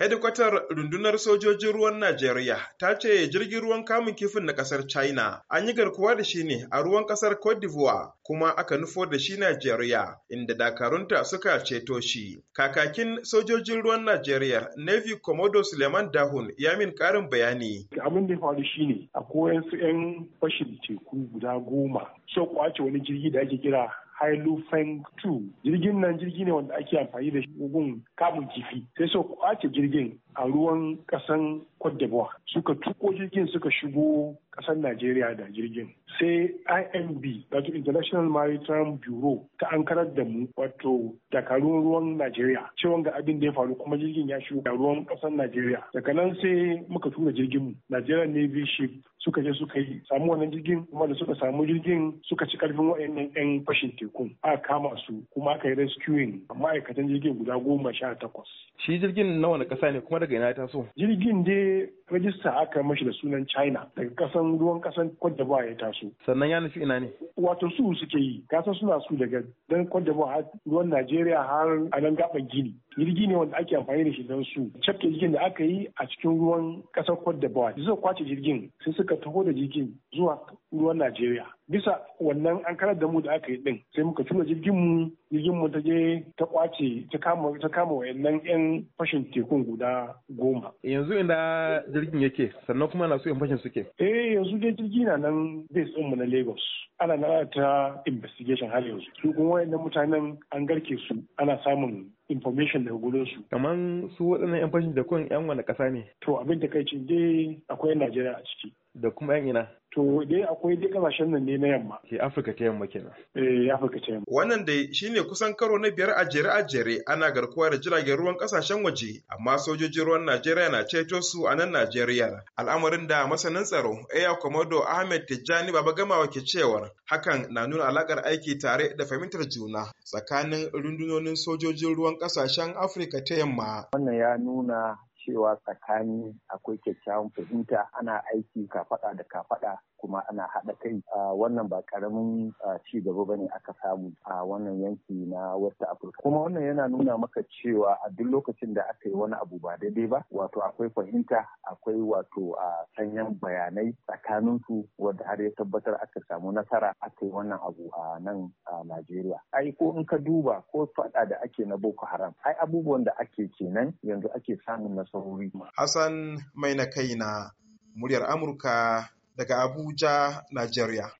Hedikwatar rundunar sojojin ruwan Najeriya ta ce jirgin ruwan kamun kifin na kasar China an yi garkuwa da shi ne a ruwan kasar Cote d'Ivoire kuma aka nufo da shi Najeriya inda dakarunta suka ceto shi. Kakakin sojojin ruwan Najeriya Navy Commodore Suleiman Dahun ya min karin bayani. Abin da ya faru shi ne a su 'yan fashin teku guda goma. Sau kwace wani jirgi da ake kira Hailufeng 2. Jirgin nan jirgi ne wanda ake amfani da shi gun kamun kifi. Sai so kwace jirgin a ruwan kasan Cote suka tuko jirgin suka shigo kasan Najeriya da jirgin. Sai IMB, wato International Maritime Bureau, ta ankarar da mu wato dakarun ruwan Najeriya. Cewan ga abin da ya faru kuma jirgin ya shigo da ruwan kasar Najeriya. Daga nan sai muka tura jirgin mu. Nigeria Navy Ship suka je suka yi samu wannan jirgin kuma da suka samu jirgin suka ci karfin wa'annan yan fashin tekun. Aka kama su kuma aka yi rescuing ma'aikatan jirgin guda goma sha takwas. Shi jirgin na kasa ne kuma daga ina taso jirgin dai rajista aka mashi da sunan china daga kasan ruwan kasan cote ya taso sannan ya nufi ina ne wato su suke yi kasan suna su daga dan cote har ruwan najeriya har a nan gaɓar gini jirgi ne wanda ake amfani da shi don su cafke jirgin da aka yi a cikin ruwan kasar cote da suka kwace jirgin sai suka taho da jirgin zuwa ruwan Najeriya. Bisa wannan an karar da mu da aka yi din sai muka tura jirgin mu mu ta je ta kwace ta kama ta kama wayannan yan fashin tekun guda goma. Yanzu inda jirgin yake sannan kuma na so yan fashin suke. Eh yanzu dai jirgi na nan base din mu na Lagos. Ana na ta investigation har yanzu. Su kuma wayannan mutanen an garke su ana samun information daga gudun su. Kaman su waɗannan yan fashin tekun yan wani ƙasa ne. To abin da kai dai akwai Najeriya a ciki. da kuma yan ina to dai akwai dai kasashen nan ne na yamma ke afirka ta yamma kenan eh afirka ta yamma wannan dai shine kusan karo na biyar a jere a jere ana garkuwa da jiragen ruwan kasashen waje amma sojojin ruwan najeriya na ceto su a nan najeriya al'amarin da masanin tsaro air komodo ahmed tijjani baba gamawa ke cewar hakan na nuna alakar aiki tare da fahimtar juna tsakanin rundunonin sojojin ruwan kasashen afirka ta yamma wannan ya nuna cewa tsakani akwai kyakkyawan fahimta ana aiki kafaɗa da kafaɗa Ah, wannan ba karamin ah, ci gaba bane aka samu a wannan yanki na wata afirka. kuma wannan yana nuna maka cewa a duk lokacin da aka yi wani abu ba daidai ba wato akwai fahimta akwai wato a ah, sanyan bayanai tsakanin su wanda har ya tabbatar aka samu nasara aka yi wannan abu a nan a Najeriya ai ko in ka duba ko fada da ake na Boko Haram ai abubuwan da ake kenan yanzu ake samun nasarori Hassan mai na kai na muryar Amurka daga Abuja, Najeriya.